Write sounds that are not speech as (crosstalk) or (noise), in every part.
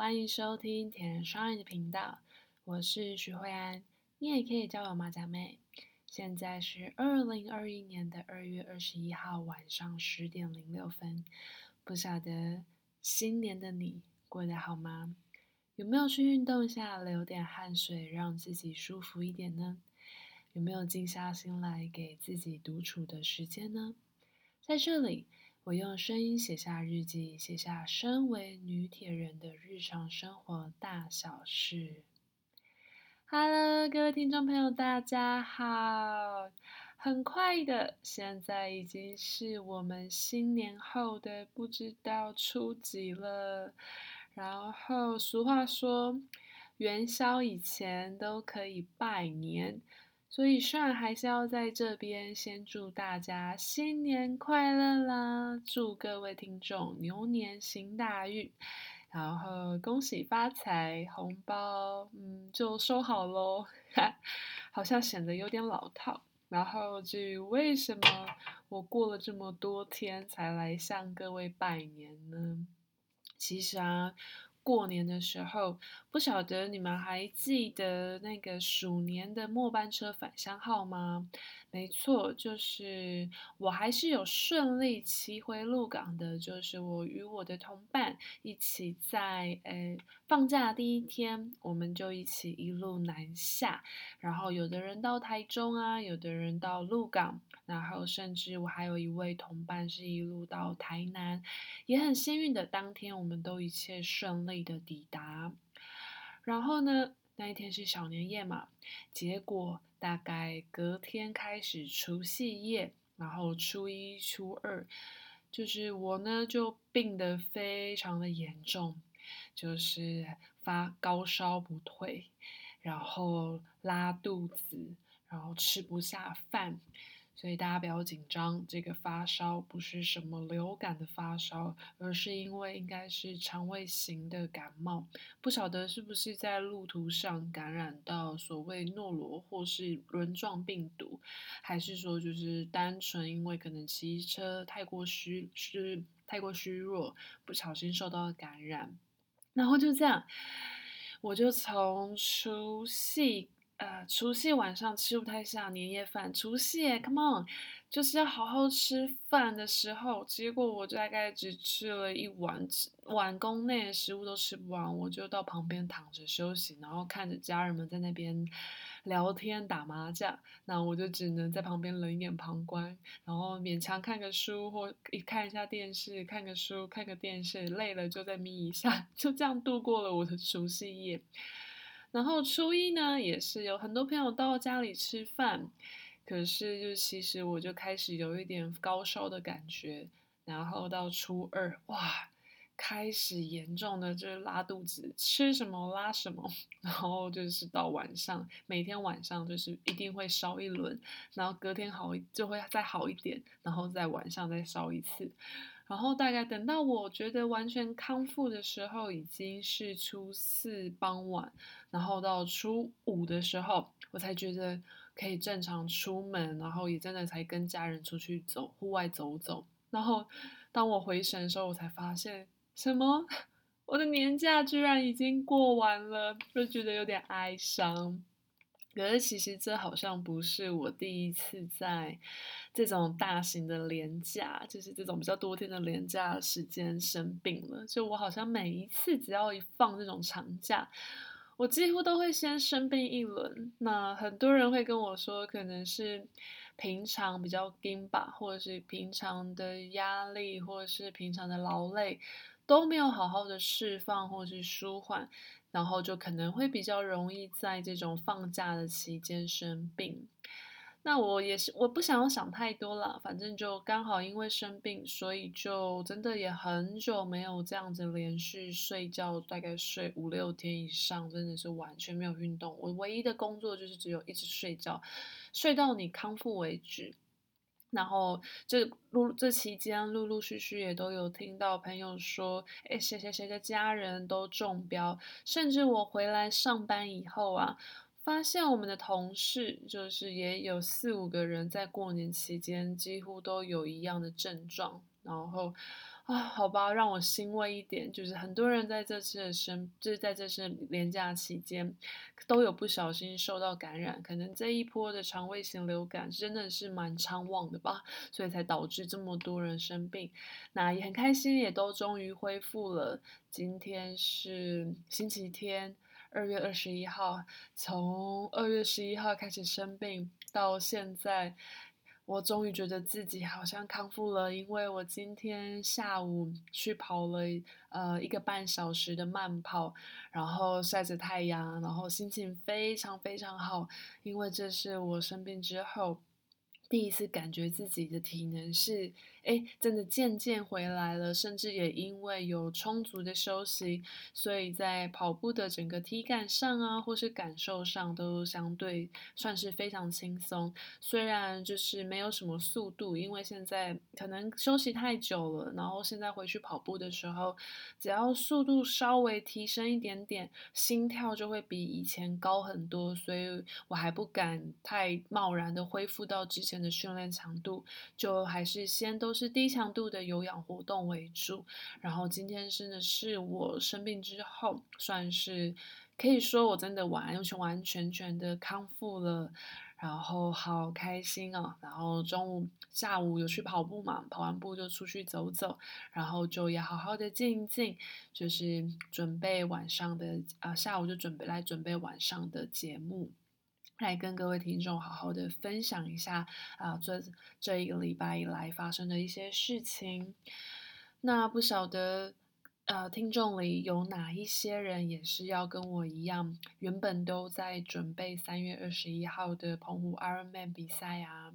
歡迎收聽鐵人 Shine 的頻道，我是徐慧安，你也可以叫我馬甲妹。現在是二零二一年的二月二十一號晚上十點零六分，不曉得新年的你過得好嗎？有沒有去運動一下，流點汗水，讓自己舒服一點呢？有沒有靜下心來給自己獨處的時間呢？在這裡。我用聲音寫下日記，寫下身為女鐵人的日常生活大小事。Hello，各位聽眾朋友，大家好！很快的，現在已經是我們新年後的不知道初幾了。然後俗話說，元宵以前都可以拜年。所以，雖然還是要在這邊先祝大家新年快樂啦！祝各位聽眾牛年行大運，然後恭喜發財，紅包嗯就收好嘍。 (laughs) 好像顯得有點老套。然後，至於為什麼我過了這麼多天才來向各位拜年呢？其實啊。過年的時候，不曉得你們還記得那個鼠年的末班車返鄉號嗎？沒錯，就是我還是有順利騎回鹿港的。就是我與我的同伴一起在呃放假的第一天，我們就一起一路南下，然後有的人到台中啊，有的人到鹿港，然後甚至我還有一位同伴是一路到台南，也很幸運的，當天我們都一切順利的抵達。然後呢，那一天是小年夜嘛，結果大概隔天開始除夕夜，然後初一、初二，就是我呢，就病得非常的嚴重，就是發高燒不退，然後拉肚子，然後吃不下飯。所以大家不要緊張，這個發燒不是什麼流感的發燒，而是因為應該是腸胃型的感冒。不曉得是不是在路途上感染到所謂諾羅或是輪狀病毒，還是說就是單純因為可能騎車太過虛，是太過虛弱，不小心受到了感染。然後就這樣，我就從除夕呃，除夕晚上吃不太下年夜飯。除夕，come on，就是要好好吃飯的時候。結果我就大概只吃了一碗，碗公內的食物都吃不完，我就到旁邊躺着休息，然後看着家人們在那邊聊天打麻將。那我就只能在旁邊冷眼旁觀，然後勉強看個書或一看一下電視，看個書看個電視，累了就再瞇一下，就這樣度過了我的除夕夜。然後初一呢，也是有很多朋友到家裡吃飯，可是就其實我就開始有一點高燒的感覺。然後到初二，哇，開始嚴重的就是拉肚子，吃什麼拉什麼。然後就是到晚上，每天晚上就是一定會燒一輪，然後隔天好就會再好一點，然後在晚上再燒一次。然後大概等到我覺得完全康復的時候，已經是初四傍晚，然後到初五的時候，我才覺得可以正常出門，然後也真的才跟家人出去走戶外走走。然後當我回神的時候，我才發現，什麼？我的年假居然已經過完了，就覺得有點哀傷。覺得其實這好像不是我第一次在這種大型的連假，就是這種比較多天的連假的時間生病了。就我好像每一次只要一放這種長假，我幾乎都會先生病一輪。那很多人會跟我說，可能是平常比較緊吧，或者是平常的壓力，或者是平常的勞累都沒有好好的釋放或是舒緩。然後就可能會比較容易在這種放假的期間生病。那我也是，我不想要想太多啦，反正就剛好因為生病，所以就真的也很久沒有這樣子連續睡覺，大概睡五六天以上，真的是完全沒有運動。我唯一的工作就是只有一直睡覺，睡到你康復為止。然後這路這期間，陸陸續續也都有聽到朋友說，哎，誰誰誰的家人都中標，甚至我回來上班以後啊，發現我們的同事就是也有四五個人在過年期間幾乎都有一樣的症狀，然後。啊，好吧，讓我欣慰一點，就是很多人在這次的生，就是在這次年假期間，都有不小心受到感染，可能這一波的腸胃型流感真的是蠻猖狂的吧，所以才導致這麼多人生病。那也很開心，也都終於恢復了。今天是星期天，二月二十一號，從二月十一號開始生病到現在。我終於覺得自己好像康復了，因為我今天下午去跑了呃一個半小時的慢跑，然後曬着太陽，然後心情非常非常好，因為這是我生病之後。第一次感覺自己的體能是，哎，真的漸漸回來了。甚至也因為有充足的休息，所以在跑步的整個體感上啊，或是感受上都相對算是非常輕鬆。雖然就是沒有什麼速度，因為現在可能休息太久了，然後現在回去跑步的時候，只要速度稍微提升一點點，心跳就會比以前高很多。所以我還不敢太貿然的恢復到之前的訓練強度就還是先都是低強度的有氧活動為主。然後今天真的是我生病之後，算是可以說我真的完全完完全全的康復了。然後好開心啊！然後中午，下午有去跑步嘛，跑完步就出去走走，然後就要好好的靜一靜，就是準備晚上的啊，下午就準備來準備晚上的節目。來跟各位聽眾好好的分享一下啊、呃，這這一個禮拜以來發生的一些事情。那不曉得呃，聽眾裡有哪一些人也是要跟我一樣，原本都在準備三月二十一號的澎湖 Ironman 比賽啊。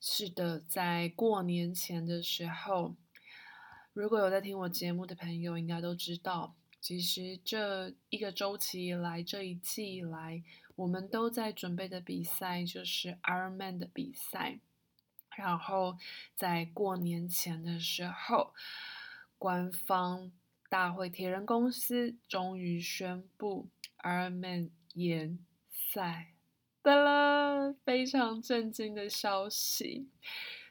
是的，在過年前的時候，如果有在聽我節目的朋友，應該都知道，其實這一個週期以來，這一季以來。我們都在準備的比賽就是 Iron Man 的比賽，然後在過年前的時候，官方大會鐵人公司終於宣布 Iron Man 延賽的了，非常震驚的消息。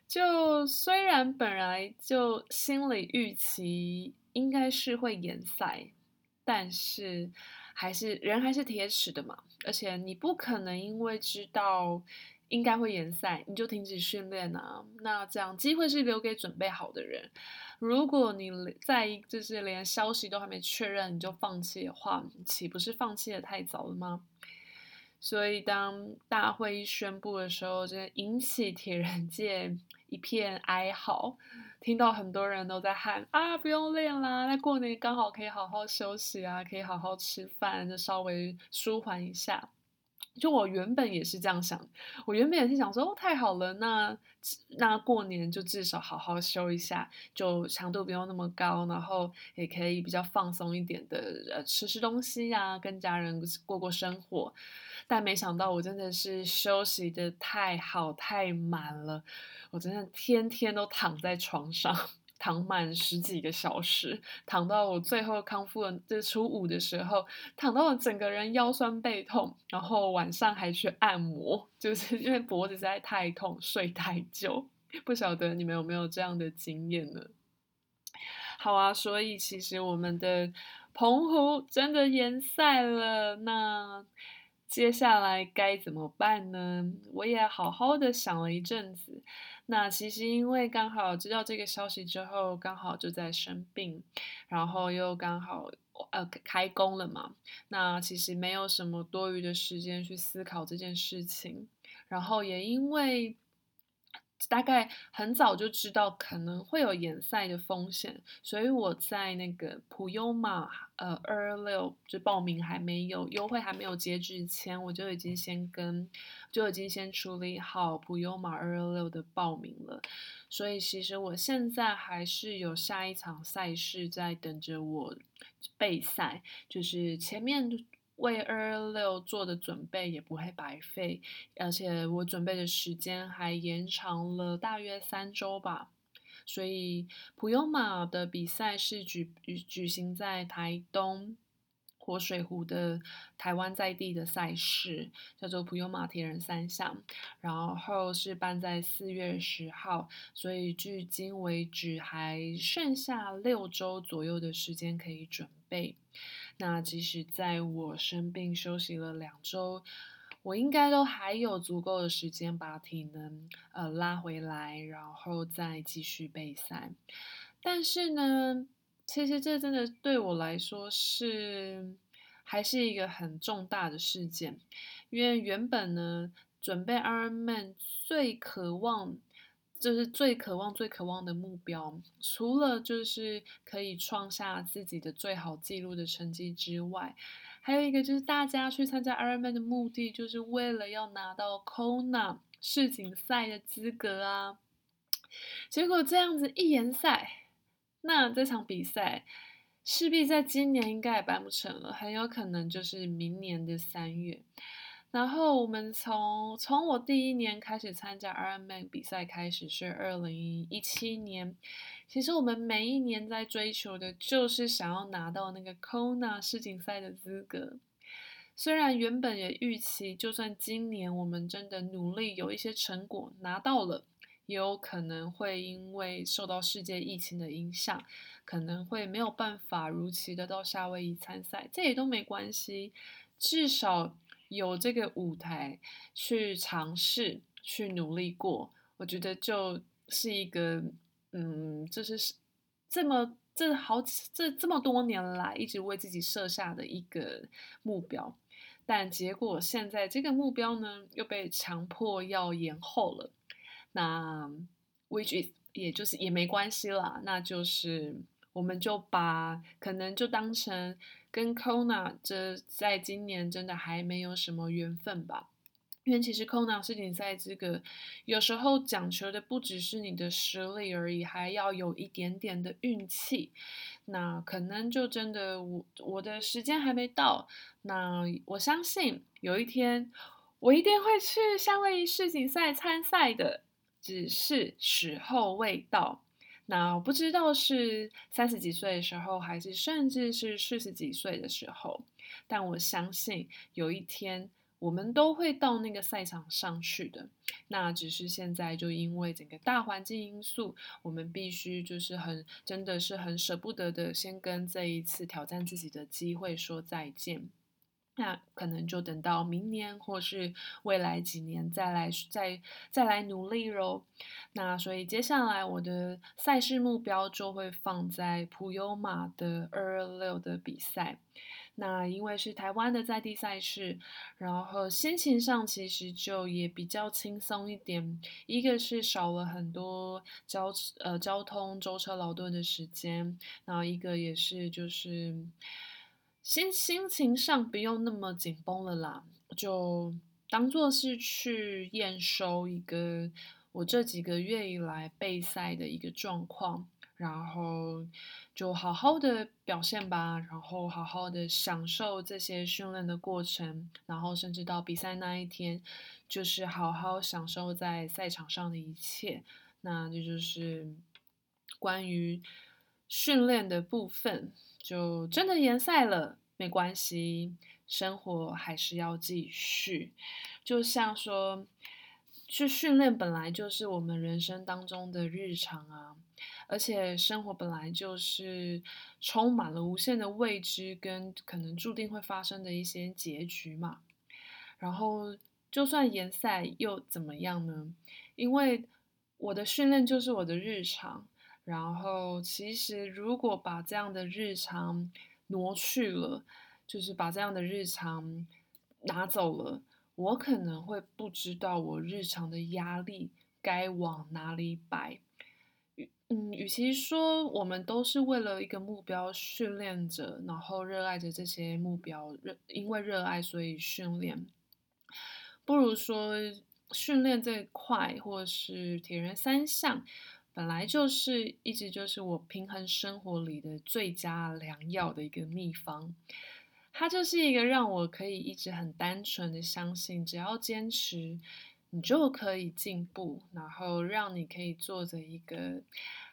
就雖然本來就心裡預期應該是會延賽，但是還是人還是鐵齒的嘛。而且你不可能因為知道應該會延賽，你就停止訓練啊！那這樣機會是留給準備好的人。如果你在就是連消息都還沒確認，你就放棄的話，豈不是放棄得太早了嗎？所以當大會一宣布的時候，就引起鐵人界一片哀嚎。聽到很多人都在喊，啊，不用練啦，那過年剛好可以好好休息啊，可以好好吃飯，就稍微舒緩一下。就我原本也是這樣想，我原本也是想說，哦，太好了，那那過年就至少好好休一下，就強度不用那麼高，然後也可以比較放鬆一點的，呃，吃吃東西呀、啊，跟家人過過生活。但沒想到我真的是休息的太好太滿了，我真的天天都躺在床上。躺滿十幾個小時，躺到我最後康復的這初五的時候，躺到我整個人腰酸背痛，然後晚上還去按摩，就是因為脖子實在太痛，睡太久。不曉得你們有沒有這樣的經驗呢？好啊，所以其實我們的澎湖真的延賽了，那接下來該怎麼辦呢？我也好好的想了一陣子。那其實因為剛好知道這個消息之後，剛好就在生病，然後又剛好呃開工了嘛。那其實沒有什麼多餘的時間去思考這件事情，然後也因為。大概很早就知道可能會有延賽的風險，所以我在那個普悠瑪呃二二六就報名還沒有優惠還沒有截止前，我就已經先跟就已經先處理好普悠瑪二二六的報名了。所以其實我現在還是有下一場賽事在等着我備賽，就是前面。為二二六做的準備也不會白費，而且我準備的時間還延長了大約三周吧。所以普悠瑪的比賽是舉舉，舉行在台東活水湖的台灣在地的賽事，叫做普悠瑪鐵人三項，然後是辦在四月十號，所以距今為止還剩下六周左右的時間可以準備。那即使在我生病休息了兩周，我應該都還有足夠的時間把體能呃拉回來，然後再繼續備賽。但是呢，其實這真的對我來說是，還是一個很重大的事件，因為原本呢，準備 Ironman 最渴望。就是最渴望，最渴望的目標，除了就是可以創下自己的最好紀錄的成績之外，還有一個就是大家去參加 Ironman 的目的，就是為了要拿到 Kona 世錦賽的資格啊。結果這樣子一延賽，那這場比賽勢必在今年應該也辦不成了，很有可能就是明年的三月。然後我們從從我第一年開始參加 Ironman 比賽開始，是二零一七年，其實我們每一年在追求的就是想要拿到那個 Kona 世錦賽的資格。雖然原本也預期，就算今年我們真的努力有一些成果拿到了，也有可能會因為受到世界疫情的影響，可能會沒有辦法如期的到夏威夷參賽，這也都沒關係，至少，有這個舞台去嘗試、去努力過，我覺得就是一個，嗯，這是這麼這好這這麼多年來一直為自己設下的一個目標，但結果現在這個目標呢又被強迫要延後了，那 which is 也就是也沒關係啦，那就是我們就把可能就當成。跟 Kona 這在今年真的還沒有什麼緣分吧，因為其實 Kona 世錦賽這個有時候講求的不只是你的實力而已，還要有一點點的運氣。那可能就真的我我的時間還沒到，那我相信有一天我一定會去夏威夷世錦賽參賽的，只是時候未到。那我不知道是三十幾歲的時候，還是甚至是四十幾歲的時候，但我相信有一天我們都會到那個賽場上去的。那只是現在就因為整個大環境因素，我們必須就是很真的是很捨不得的，先跟這一次挑戰自己的機會說再見。那可能就等到明年或是未來幾年再來再再來努力嘍、哦。那所以接下來我的賽事目標就會放在普悠瑪的二二六的比賽。那因為是台灣的在地賽事，然後心情上其實就也比較輕鬆一點。一個是少了很多交呃交通舟車勞頓的時間，然後一個也是就是。心心情上不用那麼緊繃了啦，就當做是去驗收一個我這幾個月以來備賽的一個狀況，然後就好好的表現吧，然後好好的享受這些訓練的過程，然後甚至到比賽那一天，就是好好享受在賽場上的一切。那這就，就是關於訓練的部分。就真的延賽了，沒關係，生活還是要繼續。就像說，去訓練本來就是我們人生當中的日常啊，而且生活本來就是充滿了無限的未知跟可能注定會發生的一些結局嘛。然後，就算延賽又怎麼樣呢？因為我的訓練就是我的日常。然後，其實如果把這樣的日常挪去了，就是把這樣的日常拿走了，我可能會不知道我日常的壓力該往哪裡擺。與嗯，與其說我們都是為了一個目標訓練着，然後熱愛着這些目標，熱因為熱愛所以訓練，不如說訓練這塊或是鐵人三項。本來就是一直就是我平衡生活裡的最佳良藥的一個秘方，它就是一個讓我可以一直很單純的相信，只要堅持，你就可以進步，然後讓你可以做着一個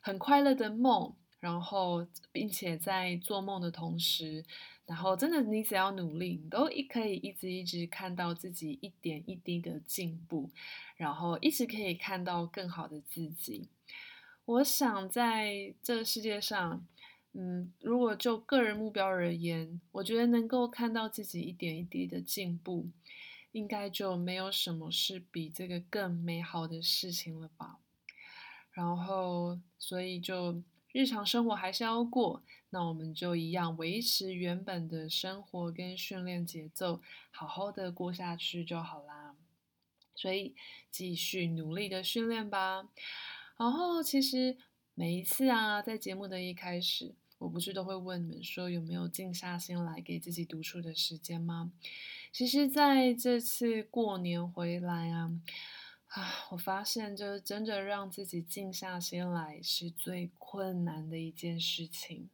很快樂的夢，然後並且在做夢的同時，然後真的你只要努力，你都一可以一直一直看到自己一點一滴的進步，然後一直可以看到更好的自己。我想在這個世界上，嗯，如果就個人目標而言，我覺得能夠看到自己一點一滴的進步，應該就沒有什麼是比這個更美好的事情了吧。然後，所以就日常生活還是要過，那我們就一樣維持原本的生活跟訓練節奏，好好的過下去就好啦。所以，繼續努力的訓練吧。然後其實每一次啊，在節目的一開始，我不是都會問你們說有沒有靜下心來給自己獨處的時間嗎？其實在這次過年回來啊啊，我發現就是真的讓自己靜下心來是最困難的一件事情。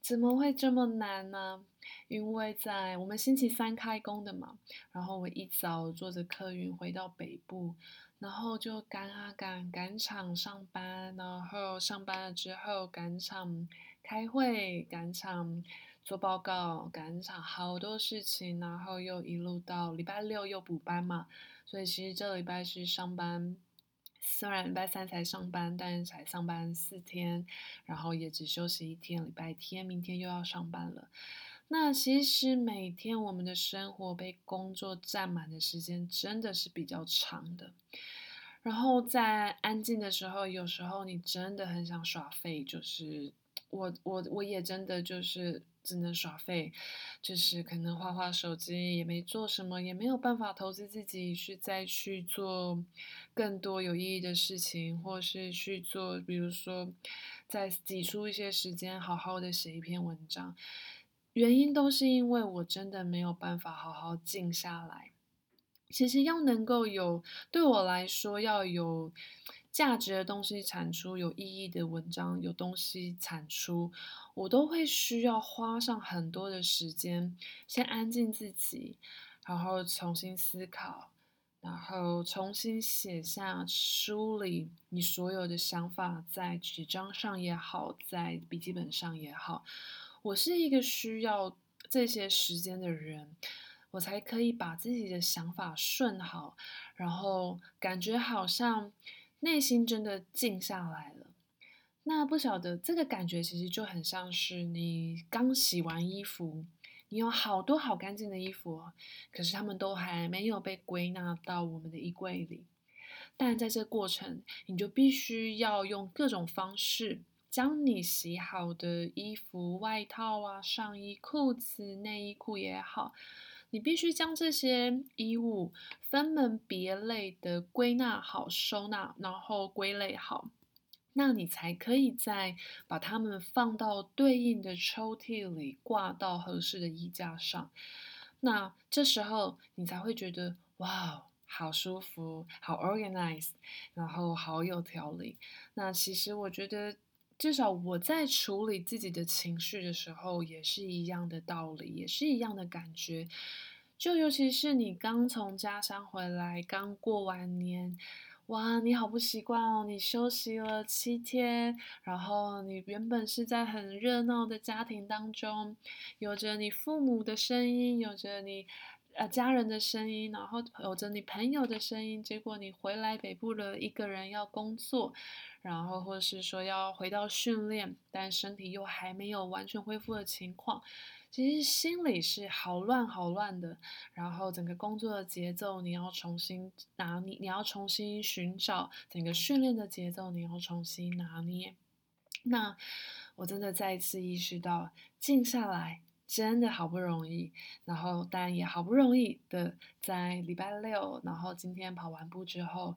怎麼會這麼難呢？因為在我們星期三開工的嘛，然後我一早坐着客運回到北部。然後就趕啊趕趕場上班，然後上班了之後趕場開會，趕場做報告，趕場好多事情，然後又一路到禮拜六又補班嘛。所以其實這個禮拜是上班，雖然禮拜三才上班，但是才上班四天，然後也只休息一天，禮拜天，明天又要上班了。那其實每天我們的生活被工作佔滿的時間真的是比較長的。然後在安靜的時候，有時候你真的很想耍廢，就是我我我也真的就是只能耍廢，就是可能滑滑手機，也沒做什麼，也沒有辦法投資自己，去再去做更多有意義的事情，或是去做，比如說再擠出一些時間，好好的寫一篇文章。原因都是因為我真的沒有辦法好好靜下來。其實要能夠有，對我來說要有價值的東西產出，有意義的文章，有東西產出，我都會需要花上很多的時間，先安靜自己，然後重新思考，然後重新寫下梳理你所有的想法，在紙張上也好，在筆記本上也好。我是一個需要這些時間的人，我才可以把自己的想法順好，然後感覺好像內心真的靜下來了。那不曉得這個感覺其實就很像是你剛洗完衣服，你有好多好乾淨的衣服啊，可是它們都還沒有被歸納到我們的衣櫃裡。但在這過程，你就必須要用各種方式。將你洗好的衣服、外套啊、上衣、褲子、內衣褲也好，你必須將這些衣物分門別類的歸納好、收納，然後歸類好，那你才可以再把它們放到對應的抽屜裡、掛到合適的衣架上。那這時候你才會覺得哇，好舒服，好 organized，然後好有條理。那其實我覺得。至少我在處理自己的情緒的時候，也是一樣的道理，也是一樣的感覺。就尤其是你剛從家鄉回來，剛過完年，哇，你好不習慣哦，你休息了七天，然後你原本是在很熱鬧的家庭當中，有着你父母的聲音，有着你。呃，家人的聲音，然後有着你朋友的聲音，結果你回來北部了，一個人要工作，然後或者是說要回到訓練，但身體又還沒有完全恢復的情況，其實心裡是好亂好亂的。然後整個工作的節奏你要重新拿捏，你要重新尋找整個訓練的節奏你要重新拿捏。那我真的再一次意識到，靜下來。真的好不容易，然後，但也好不容易的在禮拜六，然後今天跑完步之後。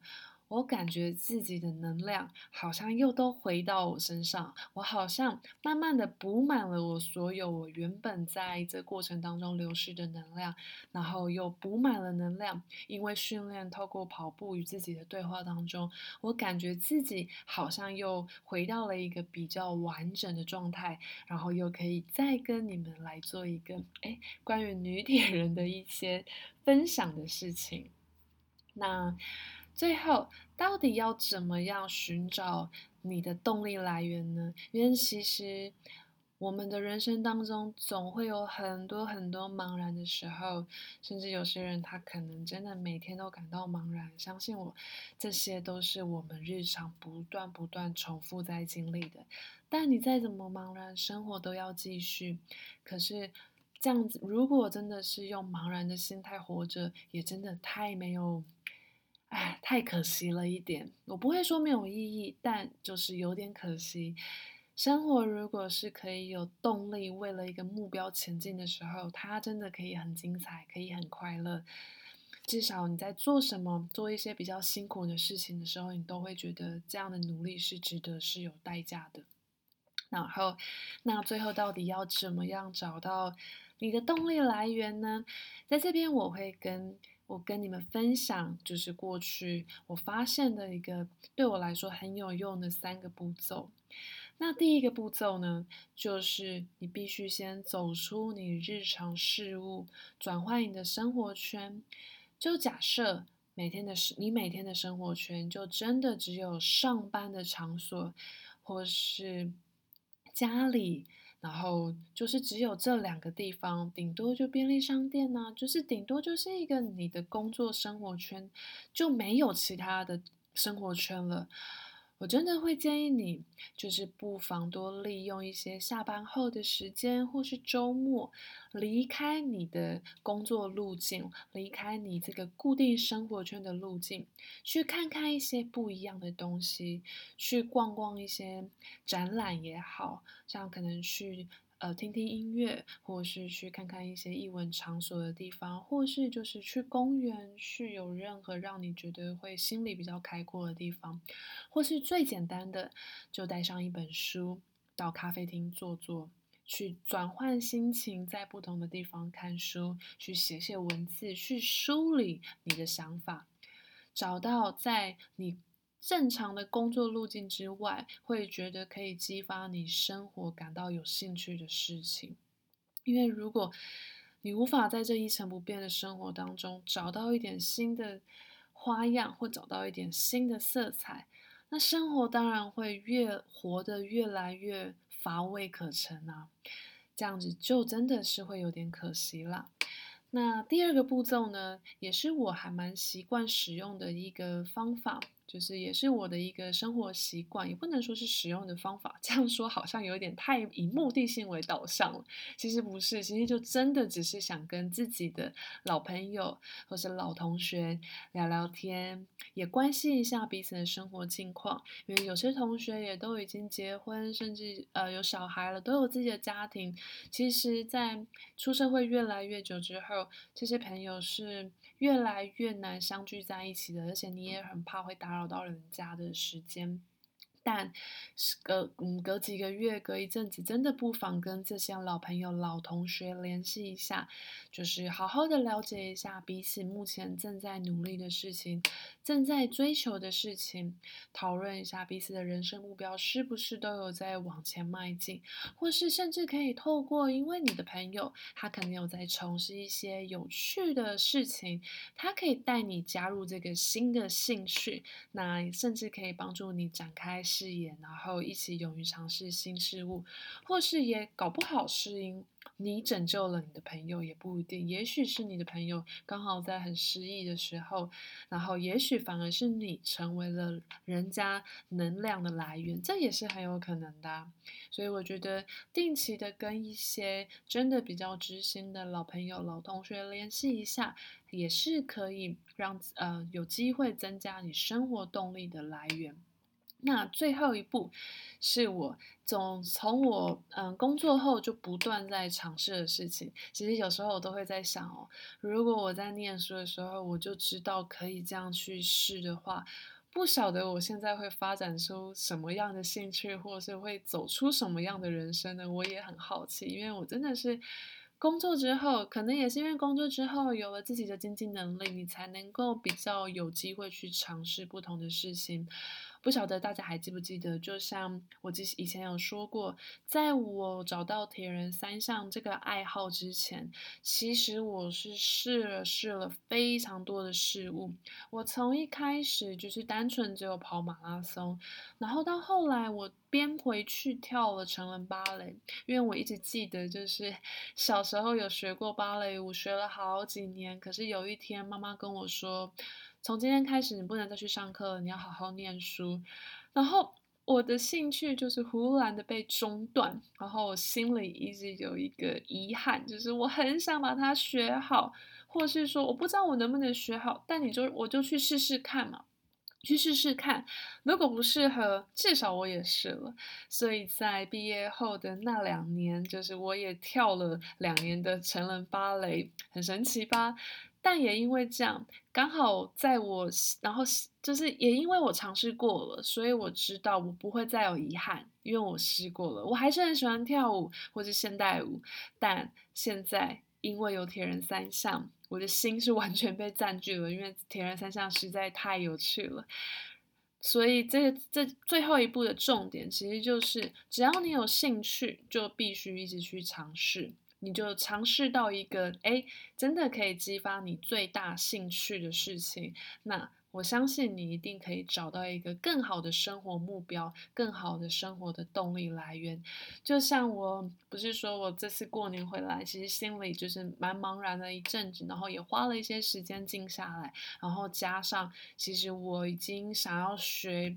我感覺自己的能量好像又都回到我身上，我好像慢慢的補滿了我所有我原本在這過程當中流失的能量，然後又補滿了能量。因為訓練透過跑步與自己的對話當中，我感覺自己好像又回到了一個比較完整的狀態，然後又可以再跟你們來做一個誒關於女鐵人的一些分享的事情。那。最後，到底要怎麼樣尋找你的動力來源呢？因為其實我們的人生當中總會有很多很多茫然的時候，甚至有些人他可能真的每天都感到茫然。相信我，這些都是我們日常不斷不斷重複在經歷的。但你再怎麼茫然，生活都要繼續。可是這樣子，如果真的是用茫然的心態活着，也真的太沒有。哎，太可惜了一點。我不會說沒有意義，但就是有點可惜。生活如果是可以有動力，為了一個目標前進的時候，它真的可以很精彩，可以很快樂。至少你在做什麼，做一些比較辛苦的事情的時候，你都會覺得這樣的努力是值得，是有代價的。然後，那最後到底要怎麼樣找到你的動力來源呢？在這邊我會跟。我跟你們分享，就是過去我發現的一個對我來說很有用的三個步驟。那第一個步驟呢，就是你必須先走出你日常事務，轉換你的生活圈。就假設每天的生，你每天的生活圈就真的只有上班的場所，或是家裡。然後就是只有這兩個地方，頂多就便利商店呢，就是頂多就是一個你的工作生活圈，就沒有其他的生活圈了。我真的會建議你，就是不妨多利用一些下班後的時間，或是周末，離開你的工作路徑，離開你這個固定生活圈的路徑，去看看一些不一樣的東西，去逛逛一些展覽也好，像可能去。呃，聽聽音樂，或是去看看一些藝文場所的地方，或是就是去公園，去有任何讓你覺得會心裡比較開闊的地方，或是最簡單的，就帶上一本書，到咖啡廳坐坐，去轉換心情，在不同的地方看書，去寫寫文字，去梳理你的想法，找到在你。正常的工作路徑之外，會覺得可以激發你生活感到有興趣的事情。因為如果你無法在這一成不變的生活當中找到一點新的花樣，或找到一點新的色彩，那生活當然會越活得越來越乏味可陳啊。這樣子就真的是會有點可惜啦。那第二個步驟呢，也是我還蠻習慣使用的一個方法。就是也是我的一個生活習慣，也不能說是使用的方法。這樣說好像有點太以目的性為導向了。其實不是，其實就真的只是想跟自己的老朋友或者老同學聊聊天，也關心一下彼此的生活情況。因為有些同學也都已經結婚，甚至呃有小孩了，都有自己的家庭。其實，在出社會越來越久之後，這些朋友是。越來越難相聚在一起的，而且你也很怕會打擾到人家的時間。但隔嗯隔幾個月，隔一陣子，真的不妨跟這些老朋友、老同學聯繫一下，就是好好的了解一下彼此目前正在努力的事情，正在追求的事情，討論一下彼此的人生目標是不是都有在往前邁進，或是甚至可以透過因為你的朋友他可能有在從事一些有趣的事情，他可以帶你加入這個新的興趣，那甚至可以幫助你展開。視野，然後一起勇於嘗試新事物，或是也搞不好是因你拯救了你的朋友，也不一定。也許是你的朋友剛好在很失意的時候，然後也許反而是你成為了人家能量的來源，這也是很有可能的啊。所以我覺得定期的跟一些真的比較知心的老朋友、老同學聯繫一下，也是可以讓呃有機會增加你生活動力的來源。那最後一步是我總從我嗯工作後就不斷在嘗試的事情。其實有時候我都會在想哦，如果我在念書的時候我就知道可以這樣去試的話，不曉得我現在會發展出什麼樣的興趣，或是會走出什麼樣的人生呢？我也很好奇，因為我真的是工作之後，可能也是因為工作之後有了自己的經濟能力，你才能夠比較有機會去嘗試不同的事情。不曉得大家還記不記得，就像我之前有說過，在我找到鐵人三項這個愛好之前，其實我是試了試了非常多的事物。我從一開始就是單純只有跑馬拉松，然後到後來我便回去跳了成人芭蕾，因為我一直記得，就是小時候有學過芭蕾舞，我學了好幾年。可是有一天，媽媽跟我說。從今天開始，你不能再去上課了，你要好好念書。然後我的興趣就是忽然的被中斷，然後我心裡一直有一個遺憾，就是我很想把它學好，或是說我不知道我能不能學好，但你就我就去試試看嘛，去試試看。如果不適合，至少我也試了。所以在畢業後的那兩年，就是我也跳了兩年的成人芭蕾，很神奇吧。但也因為這樣，剛好在我，然後就是也因為我嘗試過了，所以我知道我不會再有遺憾，因為我試過了。我還是很喜歡跳舞或是現代舞，但現在因為有鐵人三項，我的心是完全被占據了，因為鐵人三項實在太有趣了。所以這這最後一步的重點，其實就是只要你有興趣，就必須一直去嘗試。你就嘗試到一個哎、欸，真的可以激發你最大興趣的事情，那我相信你一定可以找到一個更好的生活目標，更好的生活的動力來源。就像我，不是說我這次過年回來，其實心裡就是蠻茫然的一陣子，然後也花了一些時間靜下來，然後加上，其實我已經想要學。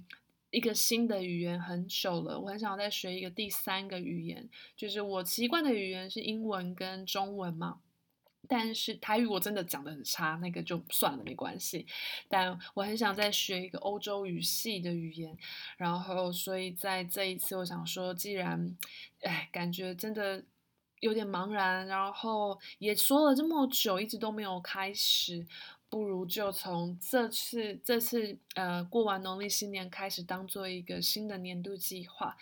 一個新的語言很久了，我很想再學一個第三個語言，就是我習慣的語言是英文跟中文嘛。但是台語我真的講的很差，那個就算了，沒關係。但我很想再學一個歐洲語系的語言，然後所以在這一次，我想說，既然，哎，感覺真的有點茫然，然後也說了這麼久，一直都沒有開始。不如就從這次這次呃過完農曆新年開始，當做一個新的年度計劃，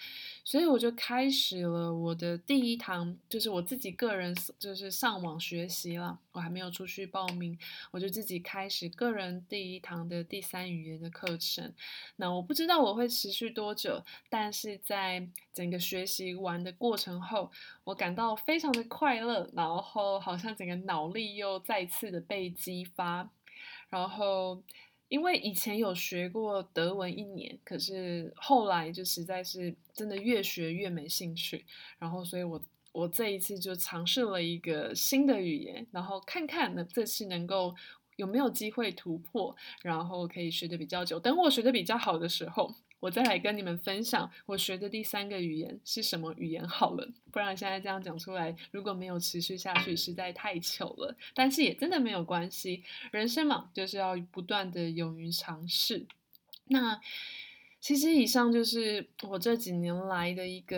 所以我就開始了我的第一堂，就是我自己個人就是上網學習了。我還沒有出去報名，我就自己開始個人第一堂的第三語言的課程。那我不知道我會持續多久，但是在整個學習完的過程後，我感到非常的快樂，然後好像整個腦力又再次的被激發。然後，因為以前有學過德文一年，可是後來就實在是真的越學越沒興趣。然後，所以我我這一次就嘗試了一個新的語言，然後看看呢這次能夠有沒有機會突破，然後可以學的比較久。等我學的比較好的時候。我再來跟你們分享我學的第三個語言是什麼語言好了，不然現在這樣講出來，如果沒有持續下去，實在太糗了。但是也真的沒有關係，人生嘛，就是要不斷的勇於嘗試。那。其實以上就是我這幾年來的一個，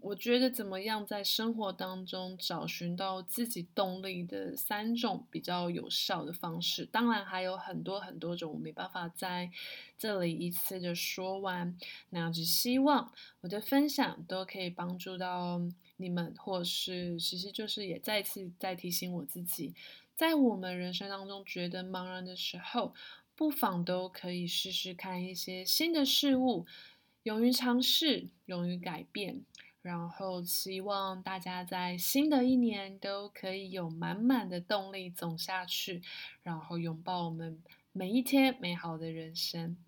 我覺得怎麼樣在生活當中找尋到自己動力的三種比較有效的方式。當然還有很多很多種，我沒辦法在這裡一次的說完。那只希望我的分享都可以幫助到你們，或是其實就是也再次再提醒我自己，在我們人生當中覺得茫然的時候。不妨都可以試試看一些新的事物，勇於嘗試，勇於改變。然後希望大家在新的一年都可以有滿滿的動力走下去，然後擁抱我們每一天美好的人生。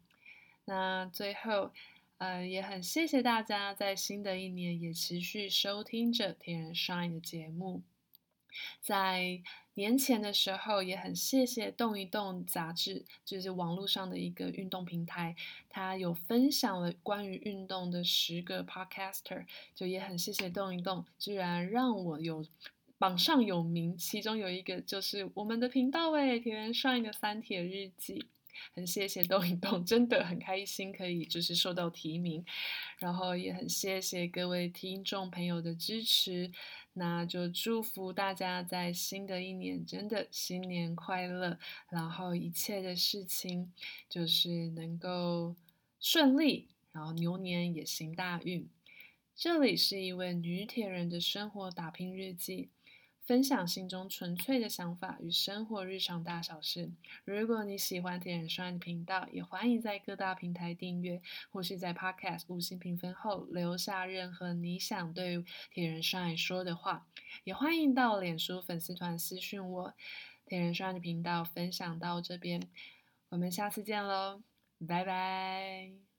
那最後，嗯、呃，也很謝謝大家在新的一年也持續收聽着《鐵人 Shine》的節目，在，年前的時候也很謝謝動一動雜誌，就是網絡上的一個運動平台，它有分享了關於運動的十個 podcaster，就也很謝謝動一動，居然讓我有榜上有名。其中有一個就是我們的頻道誒，前面上一個三鐵日記，很謝謝動一動，真的很開心可以就是受到提名，然後也很謝謝各位聽眾朋友的支持。那，就祝福大家在新的一年真的新年快樂，然後一切的事情就是能夠順利，然後牛年也行大運。這裡是一位女鐵人的生活打拼日記。分享心中純粹的想法與生活日常大小事。如果你喜歡鐵人 s 的頻道，也歡迎在各大平台訂閱，或是在 podcast 五星評分後留下任何你想對鐵人 s 說的話。也歡迎到臉書粉絲團私訊我。鐵人 s 的頻道分享到這邊，我們下次見嘍，拜拜。